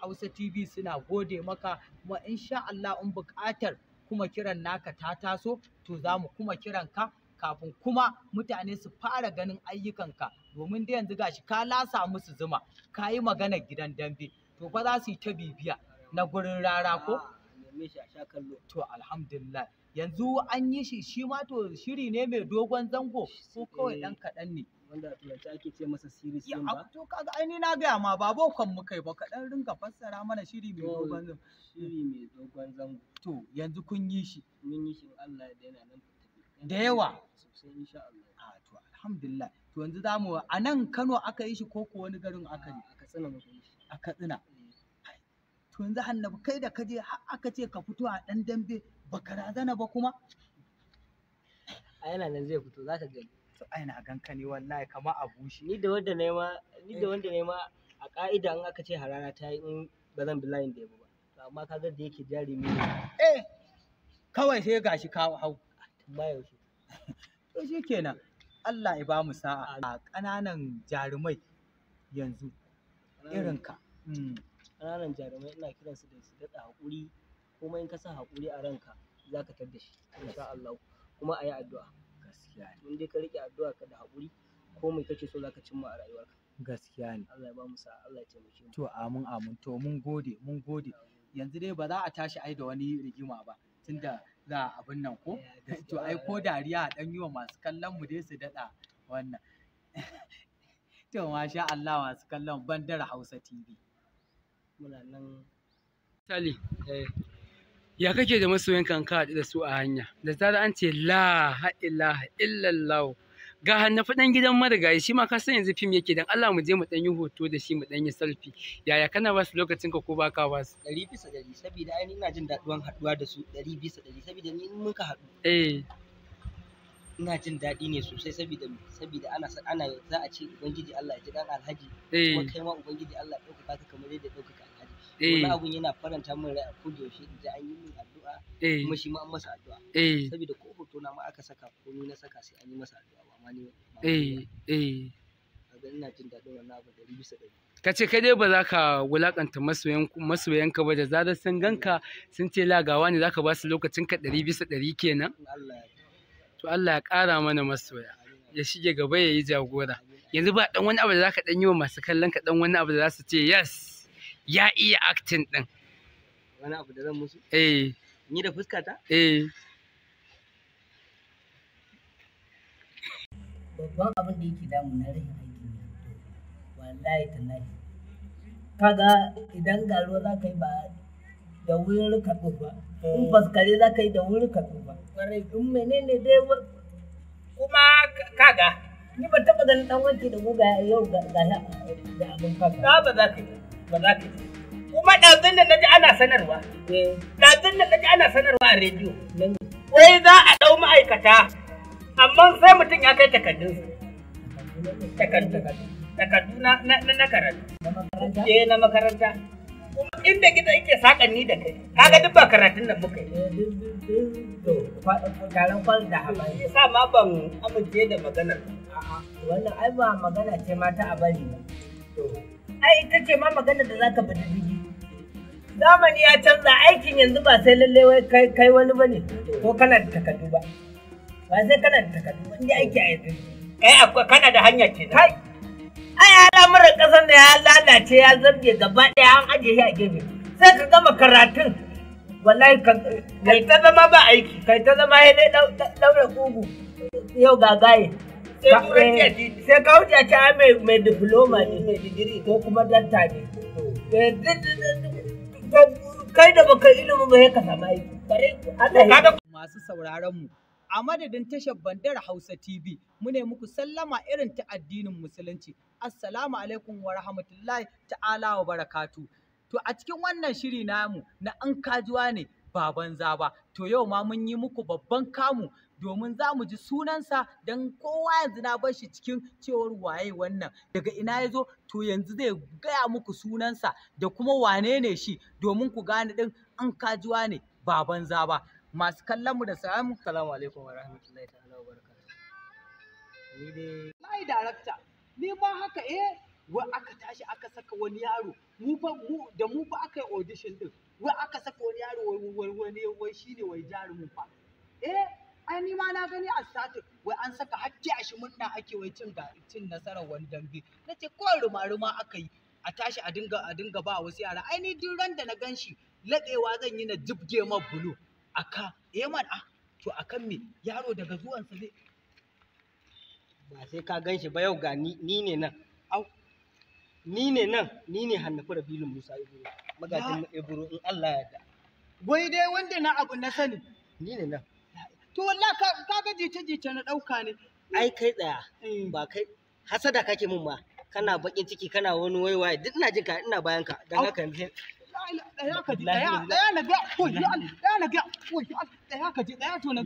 Hausa TV suna gode maka kuma insha Allah in buƙatar kuma kiran naka ta taso to za mu kuma kiran ka kafin kuma mutane su fara ganin ayyukanka domin da yanzu gashi ka lasa musu zuma ka yi maganar gidan dambe to ba za su yi ta bibiya na gurin rara ko to alhamdulillah yanzu an yi shi shi ma to shiri ne mai dogon zango ko kawai ɗan kaɗan ne wanda a turanci ake ce masa series din ba to kaga ai ni na gaya ma ba bokon mu kai ba ka dan ringa fassara mana shiri mai dogon zango shiri mai dogon zango to yanzu kun yi shi mun yi shi in Allah ya daina nan da yawa sosai insha Allah a to alhamdulillah to yanzu zamu a nan Kano aka yi shi ko ko wani garin aka yi a Katsina mu a Katsina eh. to yanzu Hannabi kai da kaje har aka ce ka fito a dan dambe baka razana ba kuma a yana nan zai fito zaka gani to ai na ganka wallahi kamar a bushe ni da wanda ne ma ni da eh. wanda ne ma a ka'ida in aka ce harara ta yi in ba zan bi layin da yabo ba to amma kaga da yake jarumi ne eh kawai sai gashi ka hau ah, ba yaushe to shikenan Allah ya ba mu sa'a a ƙananan jarumai yanzu irinka hmm. ƙananan jarumai ina kiransu da su daɗa haƙuri kuma in ka sa haƙuri a ranka za ka tar da shi insha Allah kuma a yi addu'a gaskiya ne in dai ka rike addu'a ka da haƙuri ko mai kake so zaka cimma a rayuwarka gaskiya ne Allah ya ba mu sa Allah ya taimake mu to amin amin to mun gode mun gode yanzu dai ba za a tashi ai da wani rigima ba tunda za a abin nan ko eh, to ai ko dariya dan yi wa masu kallon mu dai su dada wannan to masha Allah masu kallon bandar Hausa TV muna nan Tali eh ya kake da masoyan kanka ka haɗu da su a hanya da zara an ce la ilaha illallah ga hannu faɗan gidan marigayi shi ma ka san yanzu fim yake dan Allah mu je mu ɗan yi hoto da shi mu ɗan yi selfie yaya kana ba su lokacin ka ko ba ka ba su ɗari bisa ɗari saboda ai ina jin daɗuwan haɗuwa da su ɗari bisa ɗari saboda ni in muka haɗu eh ina jin daɗi ne sosai saboda saboda ana ana za a ce ubangiji Allah ya ji dan alhaji eh. kuma kai ma ubangiji Allah ya ɗaukaka ka kamar yadda ɗaukaka Eh. wani abu yana faranta min rai a kudu shi da an yi min addu'a eh. kuma shi ma an masa addu'a eh. saboda ko hoto na ma aka saka ko ni na saka sai an yi masa addu'a ba ma ni eh eh ina jin daɗin wannan abu ɗari bisa ɗari ka ce kai dai ba za ka wulakanta masoyanka ba da zarar sun ganka sun ce lagawa ne za ka ba su lokacin ka ɗari bisa ɗari kenan to Allah ya ƙara mana masoya ya shige gaba ya yi jagora yanzu ba ɗan wani abu da za ka ɗan yi wa masu kallon ka ɗan wani abu da za su ce yes ya iya acting din wani abu da zan musu eh ni da fuskata eh babban abin da yake damu na rage aiki ne wallahi tallahi kaga idan garo za ka yi ba da wurin ka ba in eh. faskare za ka yi da wurin ka ba kwarai in menene dai kuma kaga ni ba taba ganin dan wanke da guga yau ga da abin kaga ba za ka yi ba za ka ji kuma ɗazin da naji ana sanarwa eh. ɗazin naji ana sanarwa a rediyo wai za a ɗau ma'aikata amma sai mutum ya kai takardun takardu na karatu na makaranta eh, kuma inda gida yake sakanni da kai ga duk ba karatun nan muka yi eh, taron kwan da haba sa ma ban amince da maganar wannan ai ba magana ce ma ta abali ba ai ita ce ma magana da zaka bada bigi zamani ya canza aikin yanzu ba sai lalle kai kai wani bane ko kana da takardu ba ba sai kana da takardu ba inda aiki a yanzu kai eh, akwai kana da hanya ce kai ai al'amuran kasar da ya lalace ya zarge gaba daya an ajiye shi a gefe sai ka gama karatun wallahi kai ta zama ba aiki kai ta zama ya daura kugu yau ga gaye sai ka ta mai diploma ne mai digiri ko kuma danta ne eh, kai da baka ilimin ba ka aiki masu sauraron mu a madadin tashar bandar Hausa TV mune muku sallama irin ta addinin musulunci assalamu alaikum wa rahmatullahi ta'ala wa barakatu to a cikin wannan shiri namu na an kajuwa ne ba banza ba to yau ma mun yi muku babban kamu domin za mu ji sunansa don kowa yanzu na bar shi cikin cewar waye wannan daga ina ya zo to yanzu zai gaya muku sunansa da kuma wane ne shi domin ku gane ɗin an kajuwa ne ba banza ba masu kallon mu da salamu salamu alaikum wa rahmatullahi ta'ala wa barakatuh ni dai lai darakta ni ma haka eh wa aka tashi aka saka wani yaro mu fa mu da mu fa aka yi audition din wa aka saka wani yaro wai wai wai shine wai jarumin fa eh ai ni ma na gani a satin. wai an saka hajji a shimunna ake wai cin ga cin nasarar wani dambe na ce ko ruma ruma aka yi a tashi a dinga a dinga ba wasu yara ai ni duk ran da na gan shi laɗewa zan yi na jibge ma bulu aka eh man ah, a to akan me yaro daga sa zai ba sai ka gan shi ba yau ga ni ne nan au ni ne nan ni ne da bilin musa ibro magajin ibro in allah ya da wai dai wanda na abu na sani ni ne nan to wallahi ka ga jice jice na dauka ne ai kai tsaya eh. ba kai hasada kake mun ba kana bakin ciki kana wani waiwaye duk ina jin ka ina bayan ka dan haka yanzu na ga ko na ga ko ji daya na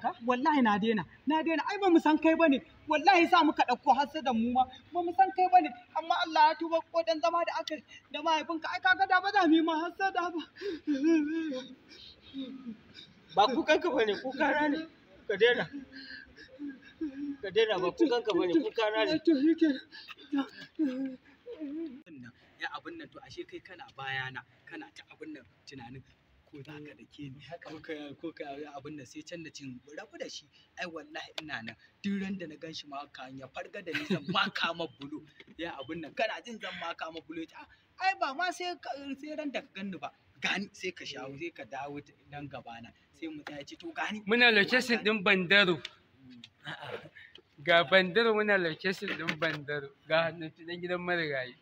ga wallahi na daina na daina ai ba mu san kai bane wallahi sa muka dauko hasadan mu ma ba mu san kai bane amma Allah ya tuba ko dan zama da aka da mahaifinka ai kaga da ba za mu yi ma hasada ba ba kukan ka bane kuka na ne ka daina ka daina ba kukan ka bane kuka na ne to yake ya abin nan to ashe kai kana baya na kana ta abin nan tunanin ko za ka dake ni ko ka abin nan sai can da cin rabu da shi ai wallahi ina nan duk ran da na gan shi ma ka ya farga da ni zan ma kama bulo ya abin nan kana jin zan ma ka ma bulo ai ba ma sai sai ran da ka ganni ba gani sai ka shawo sai ka dawo nan gaba na sai mu tace to gani muna location din bandaro ga bandaro muna location din bandaro ga hannun dan gidan marigayi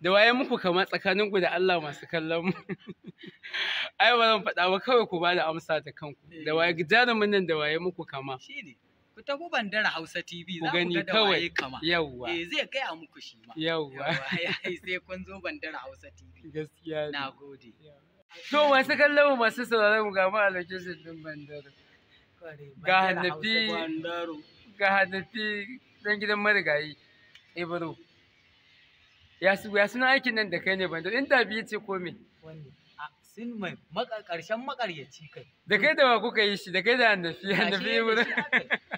da waye muku kama tsakanin ku da Allah masu kallon mu ai ba zan faɗa ba kawai ku bada amsa ta kanku da waye jarumin nan da waye muku kama shine ku tafi bandar Hausa TV za ku ga da waye kama yawwa eh zai gaya muku shi ma yawwa sai kun zo bandara Hausa TV gaskiya nagode To masu kallon masu sauraron mu ga mu a lokacin din Bandaro. Ga Hanafi ga Hanafi dan gidan marigayi Ibro. Ya su suna aikin nan da kai ne Bandaro biyu ce ko me? kai. Da kai da wa kuka yi shi da kai da Hanafi Hanafi Ibro.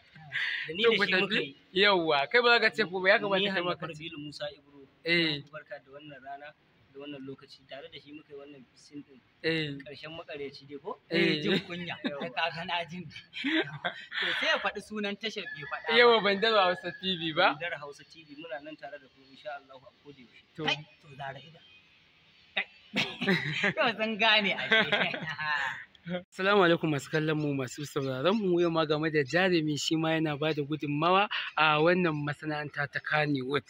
Da ni da shi muka yi. Yawwa kai ba za ka ce ko ba ya kamata yi maka. Ni Musa Ibro. Eh. Barka da wannan rana. da wannan lokaci tare da shi muka yi wannan sin din eh. karshen makareci dai ko eh, eh jin eh. kunya ta kaka na jin to sai ya faɗi sunan tashar bai faɗa yawa bandar Hausa TV ba bandar Hausa TV muna nan tare da ku insha Allah a kodi to to zara ida yau san gane a Assalamu alaikum masu kallon mu masu sauraron mu yau ma game da jarumi shi ma yana da gudunmawa a wannan masana'anta ta Kannywood.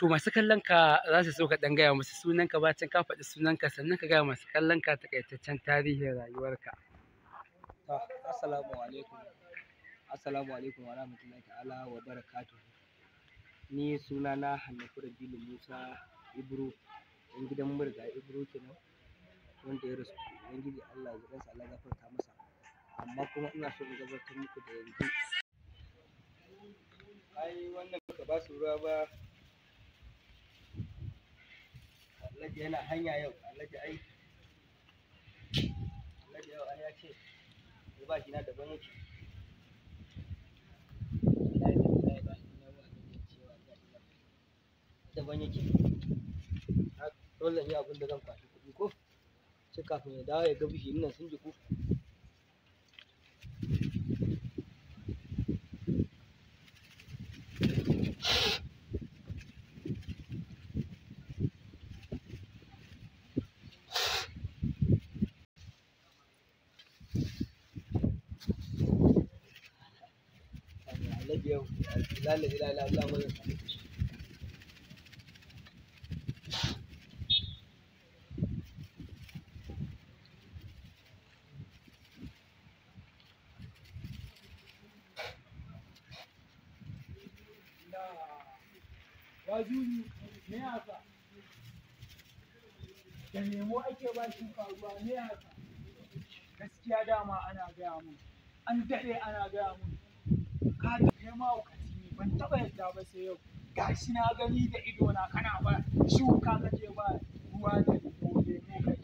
to masu kallon ka za su so ka dan gaya musu sunan ka bacin ka faɗi sunan ka sannan ka gaya masu kallon ka takaitaccen tarihin rayuwarka assalamu alaikum assalamu alaikum wa rahmatullahi ta'ala wa barakatu. ni suna hannu Hannafu Rabilu Musa Ibro Yan gidan murga Ibro kenan wanda ya rasu ubangiji Allah ya kansa Allah gafarta masa amma kuma ina so in gabatar muku da yanzu ai wannan ka ba su ruwa ba alhaji yana hanya yau alhaji ai alhaji yau ai ya ce ba daban yake daban yake dole ne abin da zan kwashi kuɗi ko sai kafin ya dawo ya ga bishiyin nan sun jiku tafi yau lalai lalai Allah mai Wajuni me haka? Da nemo ake ba faruwa me haka? Gaskiya dama ana gaya mun, an daɗe ana gaya mun, ka kai mahaukaci ne ban taɓa yadda ba sai yau Ga shi na gani da ido na kana ba shuka kake ba ruwa da lemo lemo kai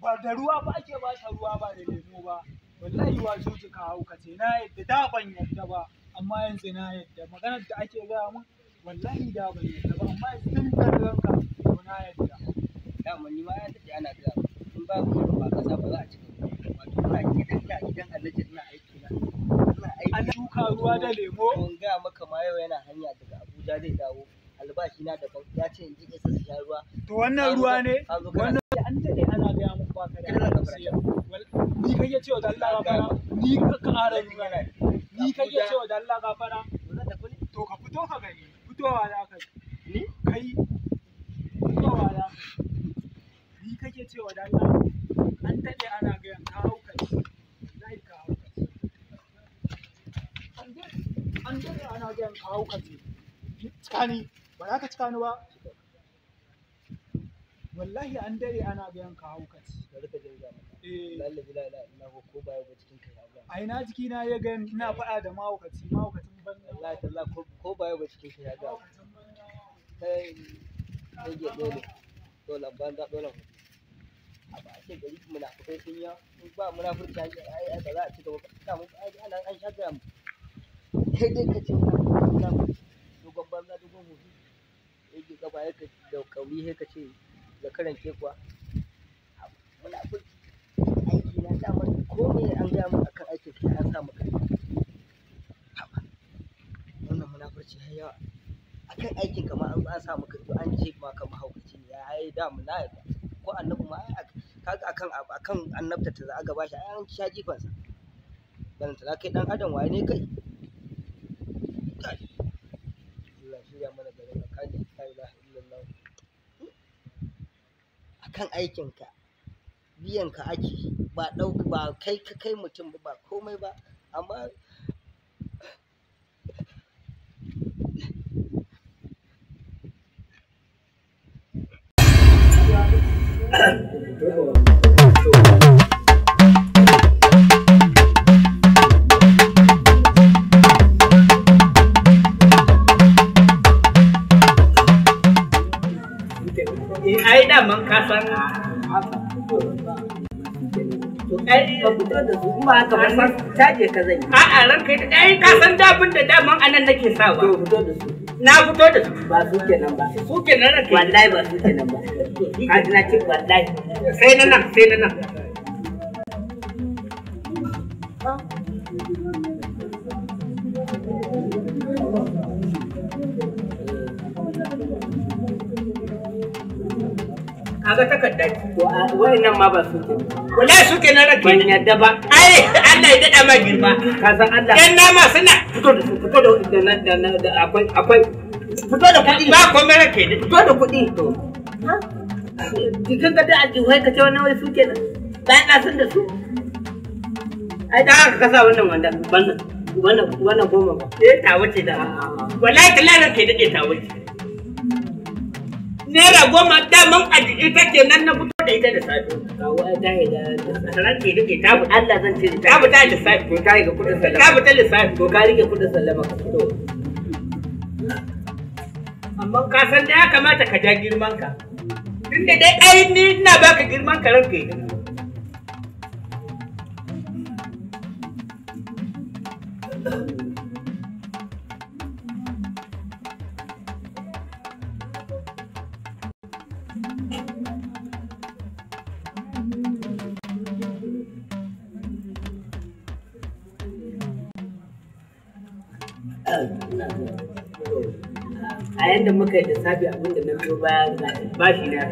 ba da ruwa ba ake ba ta ruwa ba da lemo ba wallahi wa zuzuka haukace na yadda da ban yadda ba amma yanzu na yadda maganar da ake gaya mun wallahi da ban yadda ba amma yanzu tun kallon ka da lemo kun maka ma yau yana hanya daga Abuja zai dawo albashi na daban ya ce in ji isa su sha ruwa to wannan ruwa ne wannan an dade ana ba ka da ni Allah gafara ni ka ƙara ni Allah gafara cika ba za ka cika ni ba wallahi an dare ana gayan ka hau kaci eh. ka ya jiki na ya gani ina faɗa da mahaukaci mahaukacin ban ko ya ga kai dole dole ban da dole a ba ce gari munafikai sun ya in ba ai ai ba za a ci gaba ka mu ai an an shagam dai ka banza dogon hoto yake kafa ya da kauri sai ka ce zakaran ke kuwa muna bin aiki na sa maka komai an gaya maka akan aikin ka an samu maka wannan munafurci har yawa akan aikin ka ma an samu maka an ce ma ka mahaukaci ne ya yi damu na yarda ko annabi ma kaga akan akan annabta ta za a gaba shi an sha jifansa Ban tana kai dan adam waye ne kai kan aikinka biyan ka ake ba ɗauki ba kai ka kai mutum ba komai ba amma fito da su ba haka ba sai caje ka zan yi a'a ranka ita dai ka san dabin da daman anan nake sa ba. to fito da su na fito da su ba su kenan ba su kenan ranka wallahi ba su kenan ba ka ji na ce wallahi sai na nan sai na nan kaga takarda wa'annan ma ba su ke wallahi su ke na rake ban yadda ba ai Allah ya dada ma girma ka san Allah yan nama suna fito da fito da da na da akwai akwai fito da kuɗi ba ko mere ke fito da kuɗi to jikin ka da ajiwai ka ce wani wai su ke nan bayan na san da su ai da haka ka sa wannan wanda wannan wannan goma ba eh ta wuce da wallahi kallar ke dade ta wuce naira goma daman a jiki take nan na fito da ita da safe. Kawo ya tahi da sanar ke rike ta fita Allah zan ce ta fita lissafi ko ka rike kudin sallama. Ta fita lissafi ko ka rike kudin sallama ka fito. Amma ka san da ya kamata ka ja girman ka. Tunda dai ai ni ina baka girman ka ranka yi. Thank you. a yadda muka yi lissafi abin da na biyo baya ba shi na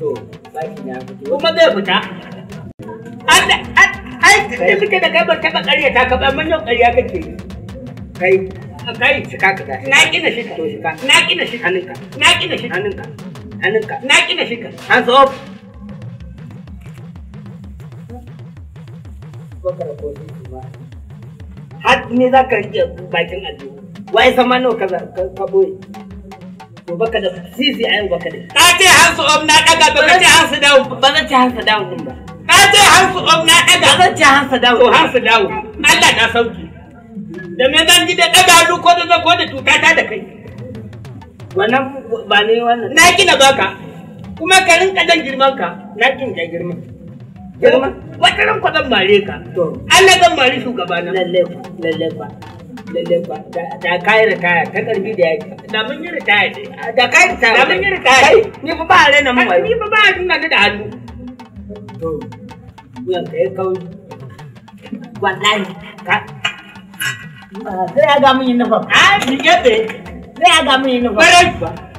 to ba shi na fito kuma zai fita Allah ai da suke da kai ban taɓa ƙarya ta ka ba mun yau ƙarya kake kai kai shi ka ka. na kina shi to shika na kina shi hannunka na kina shi hannunka hannunka na kina shi ka hands up har ne za ka rike bakin aljihu wai zama nawa ka ka boye to baka da sisi a yau baka da ka ce hansu om na daga baka ce hansu dawo ba zan ce hansu dawo din ba ka ce hansu om na daga ba zan ce hansu dawo to hansu dawo Allah na sauki da me zan ji da daga lu ko da ko da tuka ta da kai wannan ba ne wannan na kina baka kuma ka rinka dan girman ka na kin ga girman girman wata ran kwadan mare ka to Allah zan mare shugabana lalle lalle lalle ba da kai ritaya ta karbi da yaki da mun yi ritaya da kai ritaya da mun yi ritaya ni fa ba raina mun ni fa ba tuna da hannu to wuyan kai kawai wallahi ka sai ya ga mun yi nufa a ni yabe sai ya ga mun yi nufa